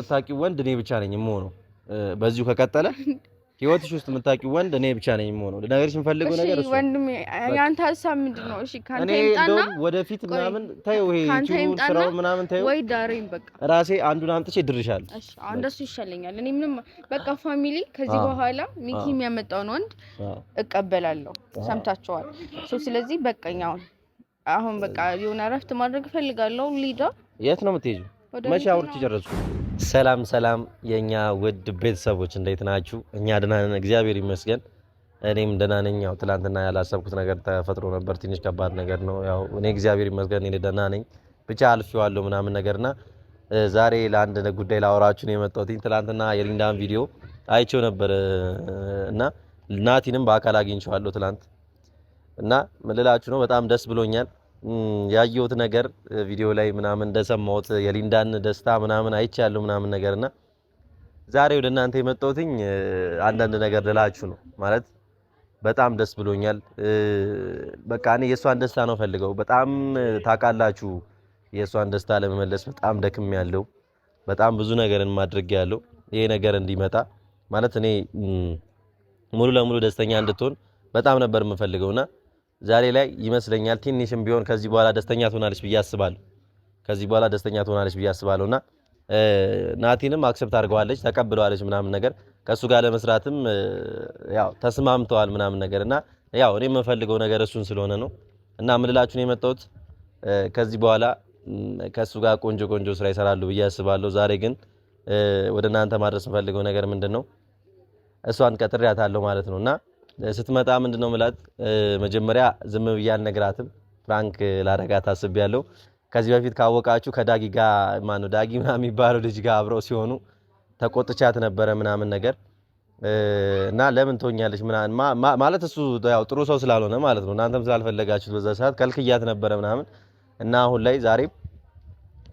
የምታውቂው ወንድ እኔ ብቻ ነኝ የምሆነው። በዚሁ ከቀጠለ ህይወትሽ ውስጥ የምታውቂው ወንድ እኔ ብቻ ነኝ የምሆነው። ልነግርሽ የምፈልገው ነገር እሱ ወንድሜ፣ ያንተ ሀሳብ ምንድን ነው? እሺ ካንተ ይምጣና ወደፊት ምናምን ተይው፣ ይሄ ስራው ምናምን ተይው፣ ወይ ዳሬን በቃ ራሴ አንዱን አምጥቼ ድርሻለሁ። እሺ እንደሱ ይሻለኛል። እኔ ምንም በቃ ፋሚሊ፣ ከዚህ በኋላ ሚኪ የሚያመጣውን ወንድ እቀበላለሁ። ሰምታችኋል። ሶ ስለዚህ በቃኛው አሁን አሁን በቃ የሆነ እረፍት ማድረግ እፈልጋለሁ። ሊዳ፣ የት ነው የምትሄጂው? መቼ አውርቼ ጨረስኩ። ሰላም ሰላም፣ የኛ ውድ ቤተሰቦች እንዴት ናችሁ? እኛ ደህና ነን፣ እግዚአብሔር ይመስገን። እኔም ደህና ነኝ። ያው ትላንትና ያላሰብኩት ነገር ተፈጥሮ ነበር። ትንሽ ከባድ ነገር ነው። ያው እኔ እግዚአብሔር ይመስገን እኔ ደህና ነኝ፣ ብቻ አልፌዋለሁ ምናምን ነገርና ዛሬ ለአንድ ጉዳይ ላወራችሁ ነው የመጣሁት። ትላንትና የሊንዳን ቪዲዮ አይቼው ነበር እና ናቲንም በአካል አግኝቼዋለሁ ትላንት እና ምን ነው፣ በጣም ደስ ብሎኛል። ያየሁት ነገር ቪዲዮ ላይ ምናምን እንደሰማሁት የሊንዳን ደስታ ምናምን አይቻለሁ ምናምን ነገርና ዛሬ ወደ እናንተ የመጣሁትኝ አንዳንድ ነገር ልላችሁ ነው። ማለት በጣም ደስ ብሎኛል። በቃ እኔ የእሷን ደስታ ነው ፈልገው። በጣም ታውቃላችሁ፣ የእሷን ደስታ ለመመለስ በጣም ደክም ያለው በጣም ብዙ ነገርን ማድረግ ያለው ይሄ ነገር እንዲመጣ ማለት እኔ ሙሉ ለሙሉ ደስተኛ እንድትሆን በጣም ነበር የምፈልገውና ዛሬ ላይ ይመስለኛል ትንሽም ቢሆን ከዚህ በኋላ ደስተኛ ትሆናለች ብዬ አስባለሁ። ከዚህ በኋላ ደስተኛ ትሆናለች ብዬ አስባለሁ እና ናቲንም አክሰፕት አድርገዋለች ተቀብለዋለች ምናምን ነገር ከእሱ ጋር ለመስራትም ያው ተስማምተዋል ምናምን ነገር እና ያው እኔ የምፈልገው ነገር እሱን ስለሆነ ነው እና ምልላችሁን የመጣሁት ከዚህ በኋላ ከእሱ ጋር ቆንጆ ቆንጆ ስራ ይሰራሉ ብዬ አስባለሁ። ዛሬ ግን ወደ እናንተ ማድረስ የምፈልገው ነገር ምንድን ነው እሷን ቀጥሬያታለሁ ማለት ነው እና ስትመጣ ምንድን ነው ምላት መጀመሪያ ዝም ብዬ አልነግራትም። ፍራንክ ታስብ ያለው ከዚህ በፊት ካወቃችሁ ከዳጊ ጋር ማነው ዳጊ ምናምን የሚባለው ልጅ ጋር አብረው ሲሆኑ ተቆጥቻት ነበረ ምናምን ነገር እና ለምን ትሆኛለች ምናምን ማለት እሱ ያው ጥሩ ሰው ስላልሆነ ማለት ነው። እናንተም ስላልፈለጋችሁት በዛ ሰዓት ከልክያት ነበረ ምናምን እና አሁን ላይ ዛሬም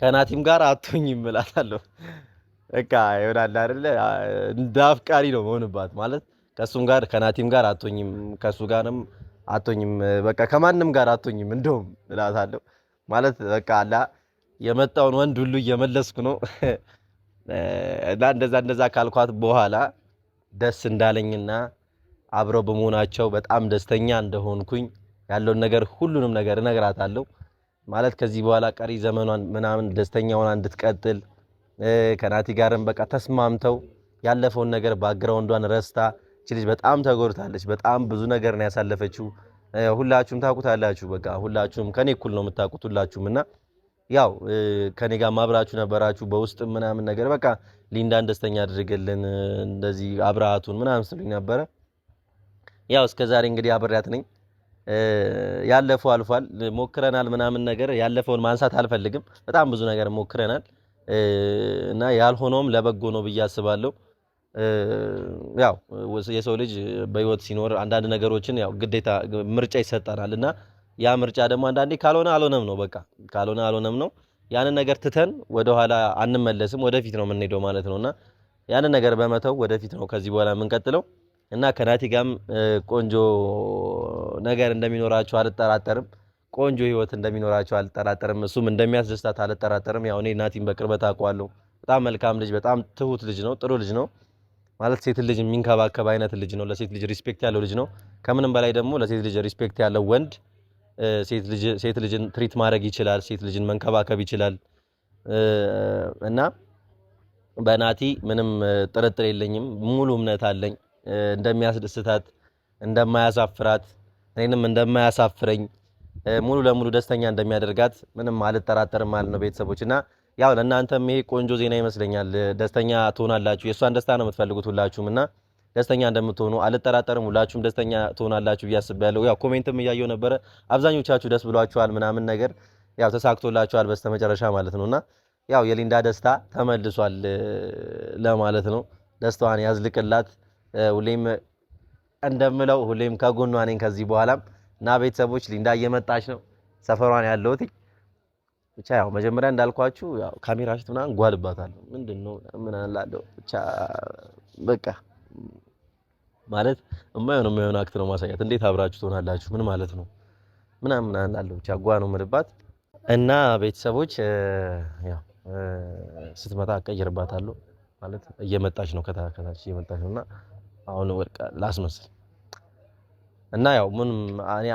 ከናቲም ጋር አቶኝ እላታለሁ። በቃ ይሆናል አይደለ? እንደ አፍቃሪ ነው መሆንባት ማለት ከእሱም ጋር ከናቲም ጋር አቶኝም ከእሱ ጋርም አቶኝም በቃ ከማንም ጋር አቶኝም እንደውም እላታለሁ። ማለት በቃ አላ የመጣውን ወንድ ሁሉ እየመለስኩ ነው እና እንደዛ እንደዛ ካልኳት በኋላ ደስ እንዳለኝና አብረው በመሆናቸው በጣም ደስተኛ እንደሆንኩኝ ያለውን ነገር ሁሉንም ነገር እነግራታለሁ። ማለት ከዚህ በኋላ ቀሪ ዘመኗን ምናምን ደስተኛ ሆና እንድትቀጥል ከናቲ ጋርም በቃ ተስማምተው ያለፈውን ነገር ባግራውንዷን ረስታ እቺ ልጅ በጣም ተጎድታለች። በጣም ብዙ ነገር ነው ያሳለፈችው። ሁላችሁም ታውቁታላችሁ። በቃ ሁላችሁም ከኔ እኩል ነው የምታውቁት ሁላችሁም እና ያው ከኔ ጋር ማብራችሁ ነበራችሁ በውስጥ ምናምን ነገር በቃ ሊንዳን ደስተኛ አድርገልን እንደዚህ አብራቱን ምናምን ስሉኝ ነበረ። ያው ዛሬ እንግዲህ አብሬያት ነኝ። ያለፈው አልፏል፣ ሞክረናል ምናምን ነገር ያለፈውን ማንሳት አልፈልግም። በጣም ብዙ ነገር ሞክረናል እና ያልሆነውም ለበጎ ነው ብዬ አስባለሁ። ያው የሰው ልጅ በህይወት ሲኖር አንዳንድ ነገሮችን ያው ግዴታ ምርጫ ይሰጠናል እና ያ ምርጫ ደግሞ አንዳንዴ ካልሆነ አልሆነም ነው በቃ ካልሆነ አልሆነም ነው። ያንን ነገር ትተን ወደኋላ አንመለስም ወደፊት ነው የምንሄደው ማለት ነው። እና ያንን ነገር በመተው ወደፊት ነው ከዚህ በኋላ የምንቀጥለው እና ከናቲ ጋም ቆንጆ ነገር እንደሚኖራቸው አልጠራጠርም። ቆንጆ ህይወት እንደሚኖራቸው አልጠራጠርም። እሱም እንደሚያስደስታት አልጠራጠርም። ያው እኔ ናቲን በቅርበት አውቀዋለሁ። በጣም መልካም ልጅ፣ በጣም ትሁት ልጅ ነው፣ ጥሩ ልጅ ነው። ማለት ሴት ልጅ የሚንከባከብ አይነት ልጅ ነው። ለሴት ልጅ ሪስፔክት ያለው ልጅ ነው። ከምንም በላይ ደግሞ ለሴት ልጅ ሪስፔክት ያለው ወንድ ሴት ልጅን ትሪት ማድረግ ይችላል። ሴት ልጅን መንከባከብ ይችላል እና በናቲ ምንም ጥርጥር የለኝም። ሙሉ እምነት አለኝ እንደሚያስደስታት፣ እንደማያሳፍራት፣ እኔንም እንደማያሳፍረኝ ሙሉ ለሙሉ ደስተኛ እንደሚያደርጋት ምንም አልጠራጠርም ማለት ነው ቤተሰቦች እና ያው ለእናንተም ይሄ ቆንጆ ዜና ይመስለኛል። ደስተኛ ትሆናላችሁ። የእሷን ደስታ ነው የምትፈልጉት ሁላችሁም እና ደስተኛ እንደምትሆኑ አልጠራጠርም። ሁላችሁም ደስተኛ ትሆናላችሁ ብዬ አስቤያለሁ። ያው ኮሜንትም እያየው ነበረ። አብዛኞቻችሁ ደስ ብሏችኋል ምናምን ነገር ያው ተሳክቶላችኋል በስተመጨረሻ ማለት ነውና ያው የሊንዳ ደስታ ተመልሷል ለማለት ነው። ደስታዋን ያዝልቅላት። ሁሌም እንደምለው ሁሌም ከጎኗ ነኝ ከዚህ በኋላም እና ቤተሰቦች ሊንዳ እየመጣች ነው ሰፈሯን ያለሁት ብቻ ያው መጀመሪያ እንዳልኳችሁ ያው ካሜራ ፊት ምናምን ጓልባታለሁ ምንድን ነው ምን አላለው ብቻ በቃ ማለት የማይሆን የማይሆን አክት ነው ማሳያት። እንዴት አብራችሁ ትሆናላችሁ? ምን ማለት ነው ምናምን አላለው ብቻ ጓ ነው የምልባት እና ቤተሰቦች ያው ስትመጣ አቀይርባታለሁ ማለት እየመጣች ነው ከታች እየመጣች ነውና አሁን ወርቃ ላስመስል እና ያው ምንም እኔ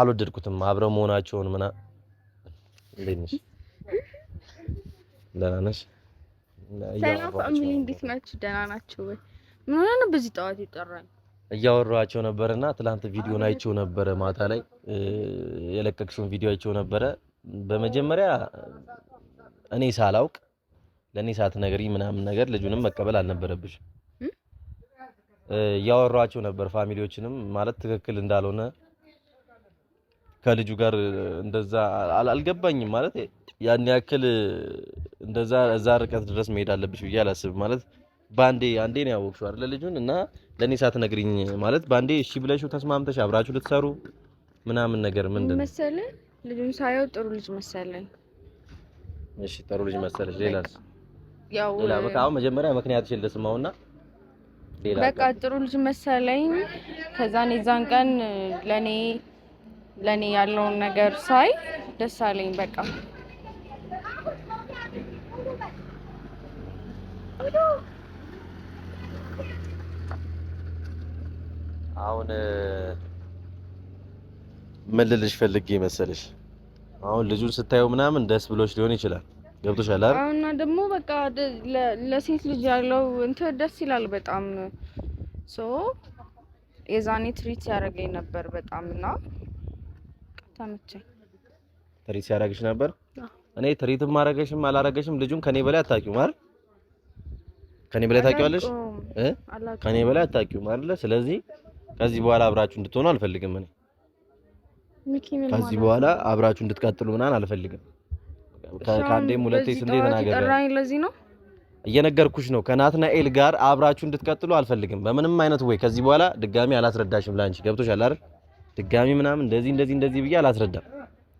አልወደድኩትም አብረ መሆናቸውን ምና እንዴት ነሽ ደህና ነሽ? ሰላም ፋሚሊ፣ እንዴት ናችሁ? ደህና ናችሁ ወይ? ምን ሆነ ነው በዚህ ጠዋት ይጠራል? እያወራቸው እና ትላንት ቪዲዮን አይቼው ነበረ። ማታ ላይ የለቀቅሽውን ቪዲዮ አይቼው ነበረ። በመጀመሪያ እኔ ሳላውቅ ለእኔ ሳትነግሪ ምናምን ነገር ልጁንም መቀበል አልነበረብሽ። እያወራቸው ነበር ፋሚሊዎችንም ማለት ትክክል እንዳልሆነ ከልጁ ጋር እንደዛ አልገባኝም። ማለት ያን ያክል እንደዛ እዛ ርቀት ድረስ መሄድ አለብሽ ብዬ አላስብም። ማለት በአንዴ አንዴ ነው ያወቅሽው አይደለ? ልጁን እና ለእኔ ሳትነግሪኝ ማለት በአንዴ እሺ ብለሽው ተስማምተሽ አብራችሁ ልትሰሩ ምናምን ነገር ምንድን መሰለ፣ ልጁን ሳየው ጥሩ ልጅ መሰለኝ። እሺ ጥሩ ልጅ መሰለሽ። ሌላስ? ያው ሌላ በቃ አሁን መጀመሪያ ምክንያትሽን ልስማውና በቃ ጥሩ ልጅ መሰለኝ። ከዛን የዛን ቀን ለእኔ ለእኔ ያለውን ነገር ሳይ ደስ አለኝ። በቃ አሁን ምን ልልሽ ፈልጌ መሰለሽ፣ አሁን ልጁን ስታየው ምናምን ደስ ብሎሽ ሊሆን ይችላል። ገብቶሻል አይደል? እና ደግሞ በቃ ለሴት ልጅ ያለው እንትን ደስ ይላል በጣም ሶ የዛኔ ትሪት ያደረገኝ ነበር በጣም እና ተመቸኝ። ትሪት ሲያደርግሽ ነበር። እኔ ትሪትም ማረገሽም አላረገሽም ልጁን ከኔ በላይ አታውቂውም አይደል? ከኔ በላይ ታውቂዋለሽ እ ከኔ በላይ አታውቂውም ስለዚህ ከዚህ በኋላ አብራችሁ እንድትሆኑ አልፈልግም። እኔ ከዚህ በኋላ አብራችሁ እንድትቀጥሉ ምናምን አልፈልግም። ከአንዴም ሁለቴ ስንዴ ለዚህ ነው እየነገርኩሽ ነው። ከናትናኤል ጋር አብራችሁ እንድትቀጥሉ አልፈልግም በምንም አይነት ወይ። ከዚህ በኋላ ድጋሚ አላስረዳሽም። ላንቺ ገብቶሻል አይደል? ድጋሚ ምናምን እንደዚህ እንደዚህ እንደዚህ ብዬ አላስረዳም።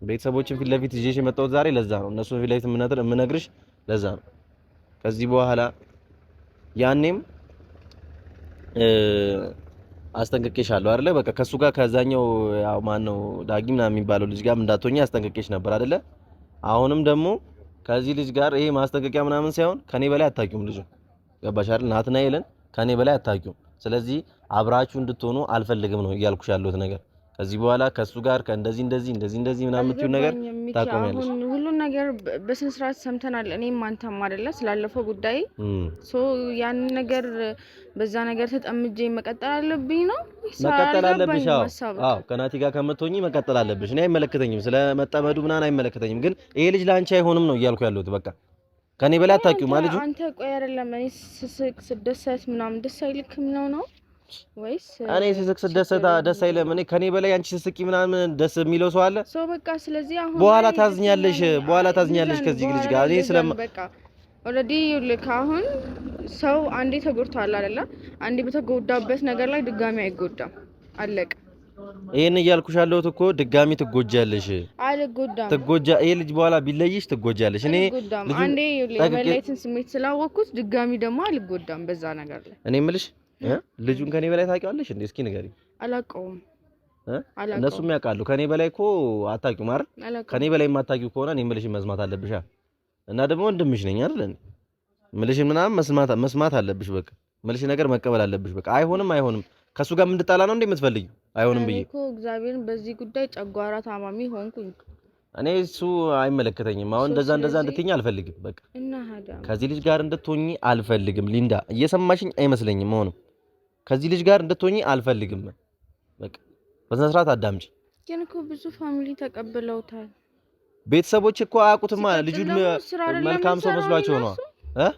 ቤተሰቦችን ፊት ለፊት ይዤሽ የመጣሁት ዛሬ ለዛ ነው። እነሱ ፊት ለፊት የምነግርሽ ለዛ ነው። ከዚህ በኋላ ያኔም አስጠንቅቄሻለሁ አይደለ? በቃ ከሱ ጋር ከዛኛው ያው ማን ነው ዳጊ ምናምን የሚባለው ልጅ ጋር እንዳትሆኚ አስጠንቅቄሽ ነበር አይደለ? አሁንም ደግሞ ከዚህ ልጅ ጋር ይሄ ማስጠንቀቂያ ምናምን ሳይሆን ከኔ በላይ አታውቂውም። ልጁ ገባሽ አይደል? ናትናኤልን ከኔ በላይ አታውቂውም። ስለዚህ አብራችሁ እንድትሆኑ አልፈልግም ነው እያልኩሽ ያለሁት ነገር ከዚህ በኋላ ከሱ ጋር ከእንደዚህ እንደዚህ እንደዚህ እንደዚህ ምናምን የምትይው ነገር ታቆሚያለሽ። ሁሉን ነገር በስነ ስርዓት ሰምተናል። እኔም አንተም አይደለ ስላለፈው ጉዳይ ሶ ያን ነገር በዛ ነገር ተጠምጄ መቀጠል አለብኝ ነው መቀጠል አለብሽ። አዎ ከናቲ ጋር ከምትሆኚ መቀጠል አለብሽ። እኔ አይመለከተኝም፣ ስለመጠመዱ ምናምን አይመለከተኝም። ግን ይሄ ልጅ ለአንቺ አይሆንም ነው እያልኩ ያለሁት በቃ ከኔ በላይ አታውቂውም። አንተ ቆይ አይደለም እኔ ስስቅ ስደሰት ምናምን ደስ አይልክም ነው ነው ወይስ እኔ ስስቅ ስደሰታ ደስ አይለም? እኔ ከኔ በላይ አንቺ ስስቂ ምናምን ደስ የሚለው ሰው አለ? ሰው በቃ ስለዚህ አሁን በኋላ ታዝኛለሽ፣ በኋላ ታዝኛለሽ ከዚህ ልጅ ጋር እኔ ስለማ በቃ ኦልሬዲ ልክ አሁን ሰው አንዴ ተጎድቷል አይደለ? አንዴ በተጎዳበት ነገር ላይ ድጋሚ አይጎዳም። አለቀ። ይሄን እያልኩሽ ያለሁት እኮ ድጋሚ ትጎጃለሽ። አልጎዳም፣ ትጎጃ ይሄ ልጅ በኋላ ቢለይሽ ትጎጃለሽ። እኔ አንዴ የመለየትን ስሜት ስላወቅኩት ድጋሚ ደግሞ አልጎዳም በዛ ነገር ላይ እኔ ምልሽ ልጁን ከኔ በላይ ታውቂዋለሽ እንዴ? እስኪ ንገሪ። አላውቀውም። እነሱም ያውቃሉ። ከኔ በላይ እኮ አታውቂውም ማር። ከኔ በላይ የማታውቂው ከሆነ እኔ የምልሽን መስማት አለብሽ። እና ደግሞ ወንድምሽ ነኝ አይደል እንዴ? የምልሽን ምናምን መስማት መስማት አለብሽ። በቃ የምልሽን ነገር መቀበል አለብሽ። በቃ አይሆንም፣ አይሆንም ከሱ ጋር እንድጣላ ነው እንዴ የምትፈልጊው? አይሆንም ብዬ እኮ እግዚአብሔርን በዚህ ጉዳይ ጨጓራ ታማሚ ሆንኩኝ። እኔ እሱ አይመለከተኝም። አሁን እንደዛ እንደዛ እንድትይኝ አልፈልግም። በቃ ከዚህ ልጅ ጋር እንድትሆኚ አልፈልግም። ሊንዳ እየሰማሽኝ አይመስለኝም። አሁንም ከዚህ ልጅ ጋር እንድትሆኚ አልፈልግም። በቃ በስነ ስርዓት አዳምጪ። ግን እኮ ብዙ ፋሚሊ ተቀብለውታል። ቤተሰቦች እኮ አያውቁትማ። ልጁን መልካም ሰው መስሏቸው ነው።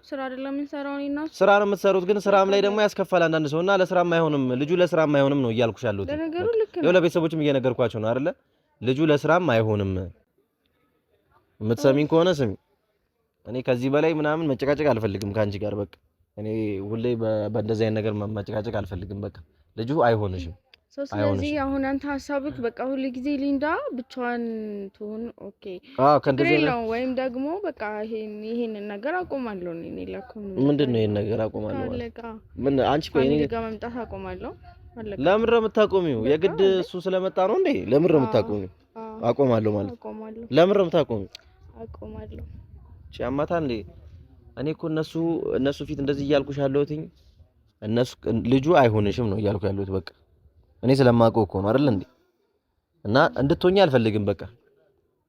ስራ አይደለም እንሰራው ነው ስራ ነው የምትሰሩት፣ ግን ስራም ላይ ደግሞ ያስከፋል አንዳንድ ሰው እና ለስራም አይሆንም ልጁ ለስራም አይሆንም ነው እያልኩሽ ያለሁት። ይኸው ለቤተሰቦችም እየነገርኳቸው ነው አይደለ? ልጁ ለስራም አይሆንም። የምትሰሚኝ ከሆነ ስሚ፣ እኔ ከዚህ በላይ ምናምን መጨቃጨቅ አልፈልግም ከአንቺ ጋር በቃ እኔ ሁሌ በእንደዚህ አይነት ነገር መጨቃጨቅ አልፈልግም። በቃ ልጁ አይሆንሽም። ስለዚህ አሁን አንተ ሀሳብክ በቃ ሁሉ ጊዜ ሊንዳ ብቻዋን ትሆን ኦኬ ነው፣ ወይም ደግሞ በቃ ይሄንን ነገር አቆማለሁ። ምንድን ነው ይሄን ነገር አቆማለሁ? ምን አንቺ ጋር መምጣት አቆማለሁ። ለምን ነው የምታቆሚው? የግድ እሱ ስለመጣ ነው እንዴ? ለምን ነው የምታቆሚው? አቆማለሁ ማለት ለምን ነው የምታቆሚው? አቆማለሁ ጫማታ እንዴ እኔ እኮ እነሱ እነሱ ፊት እንደዚህ እያልኩሽ ያለሁትኝ እነሱ ልጁ አይሆንሽም ነው እያልኩ ያለሁት። በቃ እኔ ስለማውቀው እኮ ነው አይደል እንዴ? እና እንድትሆኚ አልፈልግም። በቃ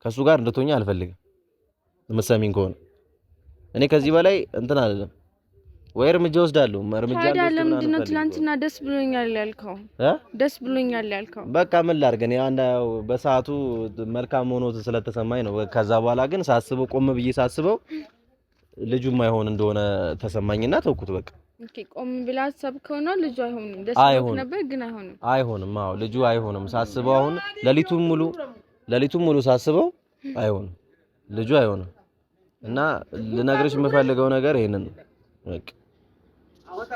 ከሱ ጋር እንድትሆኚ አልፈልግም። የምትሰሚኝ ከሆነ እኔ ከዚህ በላይ እንትን አይደለም ወይ እርምጃ ወስዳለሁ። እርምጃ ወስዳለሁ። ምንድን ነው ትናንትና ደስ ብሎኛል ያልከው? ደስ ብሎኛል ያልከው በቃ ምን ላድርግ እኔ አንድ በሰዓቱ መልካም ሆኖ ስለተሰማኝ ነው። ከዛ በኋላ ግን ሳስበው ቆም ብዬ ሳስበው ልጁ የማይሆን እንደሆነ ተሰማኝና ተውኩት። በቃ ኦኬ፣ ቆም ብላ አሰብከው ነው ልጁ አይሆንም። ደስ ነበር ግን አይሆንም፣ አይሆንም። አዎ ልጁ አይሆንም። ሳስበው አሁን ሌሊቱን ሙሉ ሌሊቱን ሙሉ ሳስበው አይሆንም፣ ልጁ አይሆንም። እና ልነግርሽ የምፈልገው ነገር ይሄንን ነው በቃ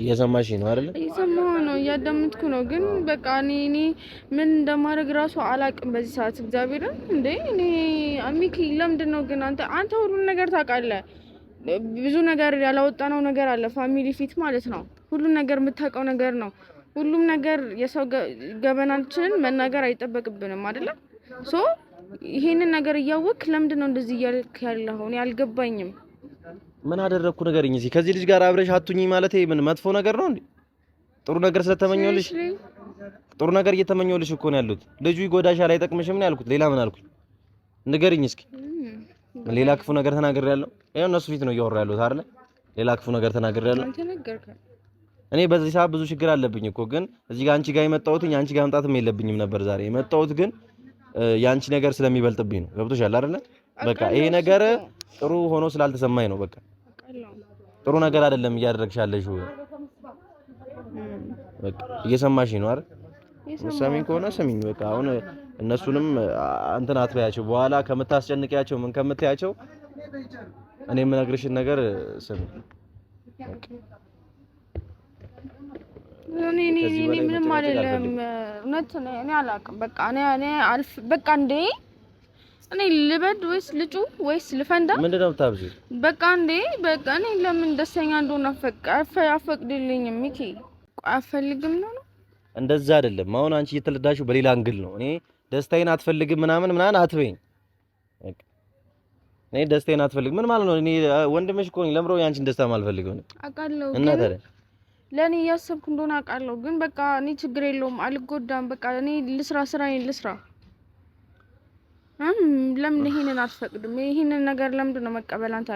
እየሰማሽ ነው አይደለ? እየሰማሁ ነው፣ እያዳምጥኩ ነው። ግን በቃ እኔ እኔ ምን እንደማድረግ ራሱ አላቅም በዚህ ሰዓት። እግዚአብሔርን እንዴ እኔ አሚክ ለምንድን ነው ግን አንተ አንተ ሁሉን ነገር ታውቃለህ። ብዙ ነገር ያላወጣነው ነገር አለ፣ ፋሚሊ ፊት ማለት ነው። ሁሉን ነገር የምታውቀው ነገር ነው። ሁሉም ነገር የሰው ገበናችንን መናገር አይጠበቅብንም አይደለም? ሶ ይሄንን ነገር እያወቅህ ለምንድን ነው እንደዚህ እያልክ ያለኸው? እኔ አልገባኝም። ምን አደረግኩ ንገሪኝ። እዚህ ከዚህ ልጅ ጋር አብረሽ አቱኝ ማለት ምን መጥፎ ነገር ነው እንዴ? ጥሩ ነገር ስለተመኘሁልሽ ጥሩ ነገር እየተመኘሁልሽ እኮ ነው ያሉት። ልጁ ይጎዳሻል፣ አይጠቅምሽም ነው ያልኩት። ሌላ ምን አልኩኝ? ንገሪኝ እስኪ። ሌላ ክፉ ነገር ተናግሬያለሁ? ያው እነሱ ፊት ነው እያወሩ ያሉት አይደል? ሌላ ክፉ ነገር ተናግሬያለሁ? እኔ በዚህ ሰዓት ብዙ ችግር አለብኝ እኮ ግን እዚህ ጋር አንቺ ጋር የመጣሁት አንቺ ጋር መምጣትም የለብኝም ነበር። ዛሬ የመጣሁት ግን የአንቺ ነገር ስለሚበልጥብኝ ነው። ገብቶሻል አይደል? በቃ ይሄ ነገር ጥሩ ሆኖ ስላልተሰማኝ ነው በቃ ጥሩ ነገር አይደለም እያደረግሽ ያለሽው። በቃ እየሰማሽ ነው አይደል? ሰሚኝ ከሆነ ስሚኝ። በቃ አሁን እነሱንም እንትን አትበያቸው። በኋላ ከምታስጨንቂያቸው ምን ከምትያቸው እኔ የምነግርሽን ነገር ስሚ። እኔ እኔ ምንም አይደለም። እውነት እኔ አላውቅም። በቃ እኔ እኔ አልፍ በቃ እንዴ እኔ ልበድ ወይስ ልጩ ወይስ ልፈንዳ? ምንድን ነው የምታብዢው? በቃ እንዴ በቃ እኔ ለምን ደስተኛ እንደሆነ አፈቅድልኝም። ሚኪ አፈልግም ነው ነው እንደዛ አይደለም። አሁን አንቺ እየተለዳሽው በሌላ አንግል ነው። እኔ ደስታዬን አትፈልግም ምናምን ምናምን አትበይኝ። እኔ ደስታዬን አትፈልግም ምን ማለት ነው? እኔ ወንድምሽ እኮ ነኝ። ለምሮ ያንቺን ደስታ ማልፈልግ ነው አውቃለሁ። እና ታዲያ ለእኔ እያሰብኩ እንደሆነ አውቃለሁ። ግን በቃ እኔ ችግር የለውም አልጎዳም። በቃ እኔ ልስራ ስራዬን ልስራ ለምን ይሄንን አትፈቅድም? ይሄንን ነገር ለምንድን ነው መቀበል አንተ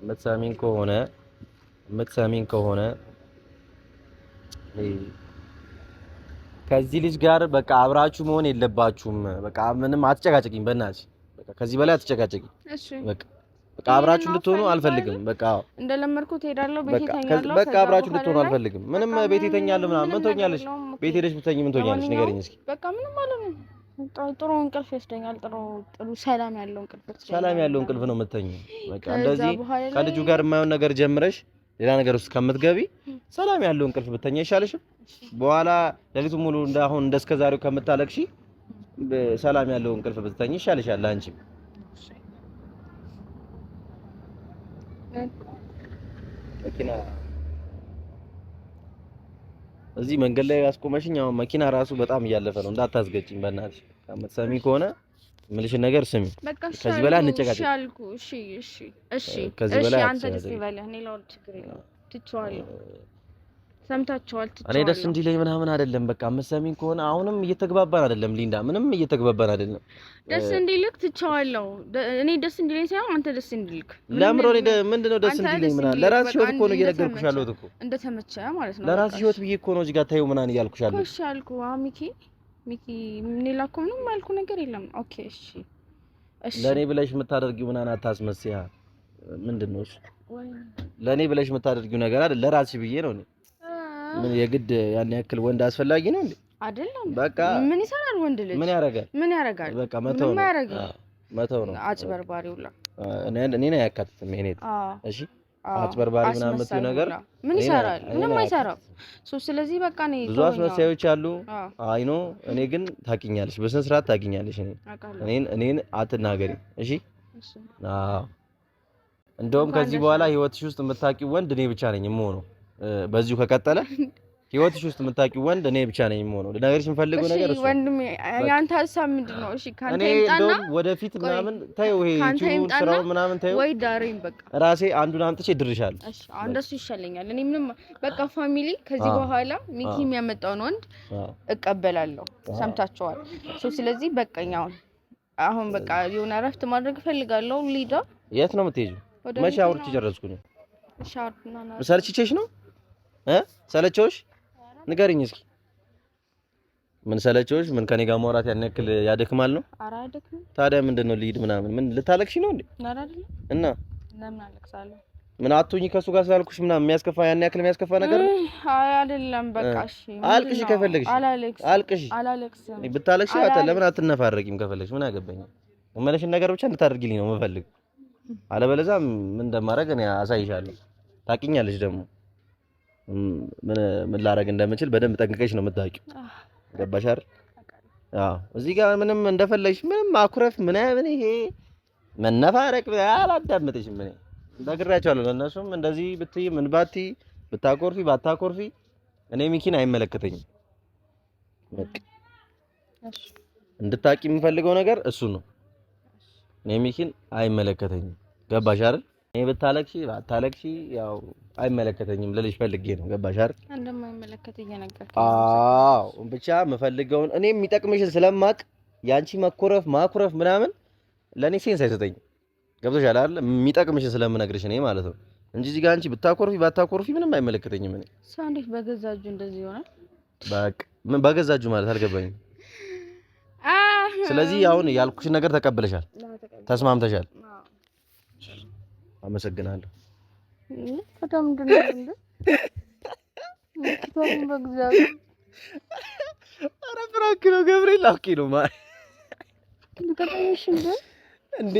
የምትሰሚኝ ከሆነ የምትሰሚኝ ከሆነ ከዚህ ልጅ ጋር በቃ አብራችሁ መሆን የለባችሁም። በቃ ምንም አትጨቃጨቂኝ፣ በእናትሽ በቃ ከዚህ በላይ አትጨቃጨቂኝ። እሺ በቃ በቃ አብራችሁ እንድትሆኑ አልፈልግም። በቃ እንደለመድኩት እሄዳለሁ፣ ቤት እተኛለሁ። በቃ አብራችሁ እንድትሆኑ አልፈልግም። ምንም ቤት እተኛለሁ ምናምን። ምን ትሆኛለሽ? ቤት ሄደሽ ብትተኝ ምን ትሆኛለሽ? ንገሪኝ እስኪ። በቃ ምንም አልሆንም ጥሩ እንቅልፍ ይወስደኛል። ጥሩ ጥሩ ሰላም ያለው እንቅልፍ ሰላም ያለው እንቅልፍ ነው የምተኘው በቃ እንደዚህ ከልጁ ጋር የማይሆን ነገር ጀምረሽ ሌላ ነገር ውስጥ ከምትገቢ ሰላም ያለው እንቅልፍ ብተኛ ይሻልሽም። በኋላ ሌሊቱ ሙሉ እንዳሁን እንደስከ ዛሬው ከምታለቅሺ ሰላም ያለው እንቅልፍ ብተኝ ይሻልሻል አንቺ። መኪና እዚህ መንገድ ላይ ያስቆመሽኝ አሁን መኪና ራሱ በጣም እያለፈ ነው። እንዳታስገጭኝ በእናትሽ። ከምትሰሚ ከሆነ ምልሽን ነገር ስሚ። ከዚህ በላይ እንጨቃጨቅ። እሺ፣ እሺ፣ እሺ፣ እሺ። አንተ ደስ ይበልህ። እኔ ችግር የለውም ትቼዋለሁ። ሰምታችኋል። እኔ ደስ እንዲለኝ ምናምን አይደለም። በቃ መሰሚን ከሆነ አሁንም እየተግባባን አይደለም ሊንዳ፣ ምንም እየተግባባን አይደለም። ደስ እንዲልክ ትቻዋለሁ። እኔ ደስ እንዲለኝ ሳይሆን አንተ ደስ እንዲልክ። ለምሮ ነው ምንድን ነው ደስ እንዲለኝ ምናምን? ለራስሽ ህይወት እኮ ነው እየነገርኩሽ ያለሁት እኮ እንደተመቸ ማለት ነው። ለራስ ህይወት ብዬ እኮ ነው እዚህ ጋር ታዩ ምናምን እያልኩሽ ያለሁት እኮ። እሺ አልኩ። ሚኪ፣ ሚኪ ምን ይላል ምንም አልኩ ነገር የለም። ኦኬ እሺ፣ እሺ። ለእኔ ብለሽ የምታደርጊው ምናምን አታስመስያ። ምንድን ነው እሱ? ለእኔ ብለሽ የምታደርጊው ነገር አይደል? ለራስሽ ብዬ ነው እኔ ምን የግድ ያን ያክል ወንድ አስፈላጊ ነው እንዴ? አይደለም። በቃ ምን ይሰራል ወንድ ልጅ? ምን ያደርጋል? ምን ያደርጋል? በቃ መተው ነው መተው ነው። አጭበርባሪ ሁላ እኔን አያካትትም። ይሄኔ እሺ፣ አጭበርባሪ ምናምን የምትይው ነገር ምን ይሰራል? ምንም አይሰራም። ሶ ስለዚህ በቃ ነው ብዙ አስመሳዮች አሉ። አይ አይኖ እኔ ግን ታውቂኛለሽ፣ በስነ ስርዓት ታውቂኛለሽ። እኔን እኔን አትናገሪ እሺ። አዎ እንደውም ከዚህ በኋላ ህይወትሽ ውስጥ የምታውቂው ወንድ እኔ ብቻ ነኝ የምሆነው በዚሁ ከቀጠለ ህይወትሽ ውስጥ የምታውቂው ወንድ እኔ ብቻ ነኝ የምሆነው። ልነግርሽ የምፈልገው ነገር እሱ ወንድሜ፣ ያንተ ሀሳብ ምንድን ነው? እሺ ካንተ ይምጣና ወደፊት ምናምን ታየው፣ ይሄ ዩቲዩብ ስራው ምናምን ታየው ወይ ዳሬን በቃ ራሴ አንዱን አምጥቼ ድርሻለሁ። እሺ እንደሱ ይሻለኛል። እኔ ምንም በቃ ፋሚሊ፣ ከዚህ በኋላ ሚኪ የሚያመጣውን ወንድ እቀበላለሁ። ሰምታችኋል። ሶ ስለዚህ በቃኛውን አሁን በቃ የሆነ እረፍት ማድረግ እፈልጋለሁ። ሊዳ፣ የት ነው የምትሄጂው? መቼ አውርቼ ጨረስኩኝ። ሰርች ቼሽ ነው ሰለቸውሽ? ንገርኝ እስኪ ምን ሰለቸውሽ? ምን ከኔ ጋር ማውራት ያን ያክል ያደክማል ነው? ኧረ አያደክም። ታዲያ ምንድን ነው ልሂድ ምናምን? ምን ልታለቅሽ ነው እንዴ? እና ለምን አለቅሳለሁ? ምን አትሁኝ ከእሱ ጋር ስላልኩሽ ምናምን የሚያስከፋ ያን ያክል የሚያስከፋ ነገር አይደለም። በቃ እሺ፣ አልቅሽ ከፈለግሽ፣ አልቅሽ። አላለቅስም። ብታለቅሽ ለምን አትነፋረቂም? ከፈለግሽ ምን አገባኝ? እመለሽን ነገር ብቻ እንድታደርጊልኝ ነው የምፈልግ። አለበለዚያ ምን እንደማደርግ እኔ አሳይሻለሁ። ታውቂኛለሽ ደግሞ ምን ላደርግ እንደምችል በደንብ ጠንቅቀሽ ነው የምታውቂው። ገባሽ አይደል? አዎ። እዚህ ጋር ምንም እንደፈለግሽ ምንም አኩረፍ ምናምን ይሄ መነፋረቅ አላዳምጥሽም። ምን ነግራቸዋለሁ። ለእነሱም እንደዚህ ብትይ ምን ባቲ ብታኮርፊ ባታኮርፊ እኔ ሚኪን አይመለከተኝም። በቃ እንድታቂ የምፈልገው ነገር እሱ ነው። እኔ ሚኪን አይመለከተኝም። ገባሽ አይደል? እኔ ብታለቅሺ ባታለቅሺ ያው አይመለከተኝም ልልሽ ፈልጌ ነው። ገባሽ አይደል? አዎ ብቻ የምፈልገውን እኔ የሚጠቅምሽን ስለማቅ ያንቺ መኮረፍ ማኩረፍ ምናምን ለእኔ ሴንስ አይሰጠኝም። ገብቶሻል አይደል? የሚጠቅምሽን ስለምነግርሽ እኔ ማለት ነው እንጂ እዚህ ጋር አንቺ ብታኮርፊ ባታኮርፊ ምንም አይመለከተኝም። እኔ ሰው እንዴት በገዛ እጁ እንደዚህ ይሆናል? በቃ ምን በገዛ እጁ ማለት አልገባኝም። ስለዚህ አሁን ያልኩሽን ነገር ተቀብለሻል፣ ተስማምተሻል አመሰግናለሁ። በጣም በእግዚአብሔር ኧረ ፍራንክ ነው ገብርኤል ላኪ ነው እንዴ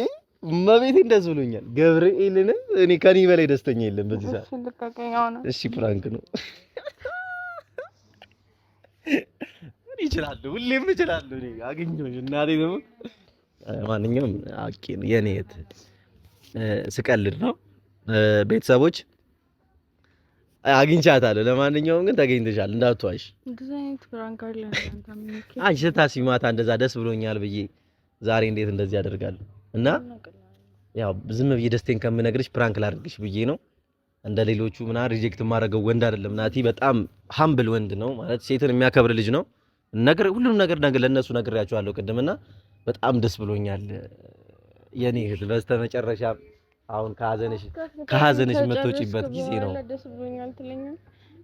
መቤቴ እንደዚ ብሎኛል። ገብርኤልን እኔ ከኔ በላይ ደስተኛ የለም በዚህ ሰዓት። እሺ ፍራንክ ነው ይችላሉ፣ ሁሌም ይችላሉ። አገኘሁሽ እናቴ ደግሞ ማንኛውም የኔ የት ስቀልድ ነው ቤተሰቦች አግኝቻታለሁ። ለማንኛውም ግን ተገኝተሻል እንዳትዋሽ። አንቺ ስታስቢ ማታ እንደዛ ደስ ብሎኛል ብዬ ዛሬ እንዴት እንደዚህ ያደርጋል እና ያው ዝም ብዬ ደስቴን ከምነግርሽ ፕራንክ ላድርግሽ ብዬ ነው። እንደ ሌሎቹ ምናምን ሪጀክት የማደርገው ወንድ አይደለም። ናቲ በጣም ሀምብል ወንድ ነው ማለት ሴትን የሚያከብር ልጅ ነው። ነገር ሁሉም ነገር ለእነሱ ነግሬያቸዋለሁ ቅድምና በጣም ደስ ብሎኛል የኔ እህት በስተመጨረሻ አሁን ከሀዘንሽ ከሀዘንሽ የምትወጪበት ጊዜ ነው። ደስ ብሎኛል ትለኛል።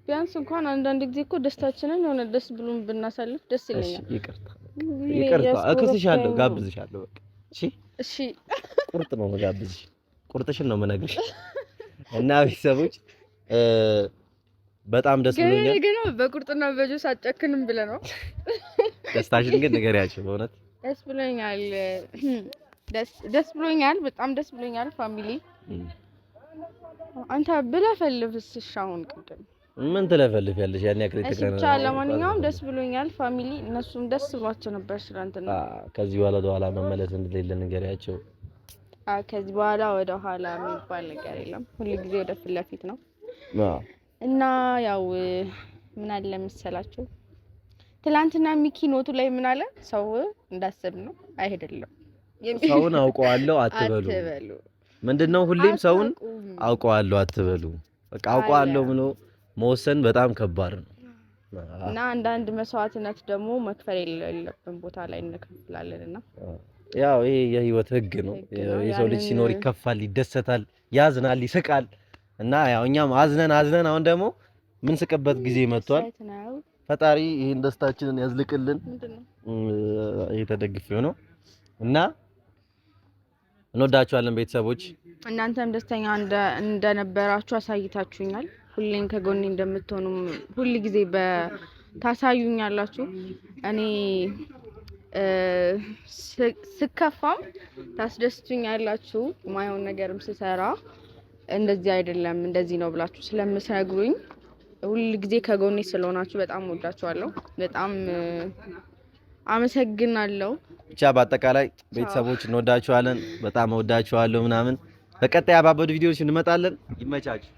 ቢያንስ እንኳን አንዳንድ ጊዜ እኮ ደስታችንን የሆነ ደስ ብሎን ብናሳልፍ ደስ ይለኛል። ይቅርታ ይቅርታ፣ እክስሻለሁ፣ ጋብዝሻለሁ። በቃ እሺ፣ እሺ፣ ቁርጥ ነው መጋብዝሽ፣ ቁርጥሽን ነው መነግርሽ። እና ቤተሰቦች በጣም ደስ ብሎኛል። ግን በቁርጥና በጁስ አጨክንም ብለህ ነው። ደስታሽን ግን ንገሪያቸው። በእውነት ደስ ብሎኛል። ደስ ብሎኛል። በጣም ደስ ብሎኛል። ፋሚሊ አንተ ብለፈልፍስ? እሺ አሁን ቅድም ምን ትለፈልፍ ያለሽ ያን ያክል ተከራና እሺ። ለማንኛውም ደስ ብሎኛል ፋሚሊ፣ እነሱም ደስ ብሏቸው ነበር ስላንተና። ከዚህ በኋላ ወደ ኋላ መመለስ እንደሌለ ንገሪያቸው። ከዚህ በኋላ ወደ ኋላ የሚባል ነገር የለም፣ ሁሉ ጊዜ ወደ ፊት ለፊት ነው እና ያው ምን አለ መሰላችሁ ትላንትና ሚኪ ኖቱ ላይ ምን አለ ሰው እንዳሰብ ነው አይደለም ሰውን አውቀዋለሁ አትበሉ። ምንድን ነው ሁሌም ሰውን አውቀዋለሁ አትበሉ። በቃ አውቀዋለሁ ብሎ መወሰን በጣም ከባድ ነው እና አንዳንድ መስዋዕትነት ደግሞ መክፈል የሌለብን ቦታ ላይ እንከፍላለን እና ያው ይሄ የህይወት ህግ ነው። የሰው ልጅ ሲኖር ይከፋል፣ ይደሰታል፣ ያዝናል፣ ይስቃል እና ያው እኛም አዝነን አዝነን አሁን ደግሞ ምንስቅበት ጊዜ መጥቷል። ፈጣሪ ይህን ደስታችንን ያዝልቅልን። እየተደግፍ ነው እና እንወዳችኋለን ቤተሰቦች። እናንተም ደስተኛ እንደነበራችሁ አሳይታችሁኛል። ሁሌም ከጎኔ እንደምትሆኑም ሁል ጊዜ ታሳዩኛላችሁ። እኔ ስከፋም ታስደስቱኛላችሁ። ማየውን ነገርም ስሰራ እንደዚህ አይደለም እንደዚህ ነው ብላችሁ ስለምሰግሩኝ ሁል ጊዜ ከጎኔ ስለሆናችሁ በጣም ወዳችኋለሁ። በጣም አመሰግናለሁ። ብቻ በአጠቃላይ ቤተሰቦች እንወዳችኋለን። በጣም እወዳችኋለሁ ምናምን። በቀጣይ አባበዱ ቪዲዮዎች እንመጣለን። ይመቻችሁ።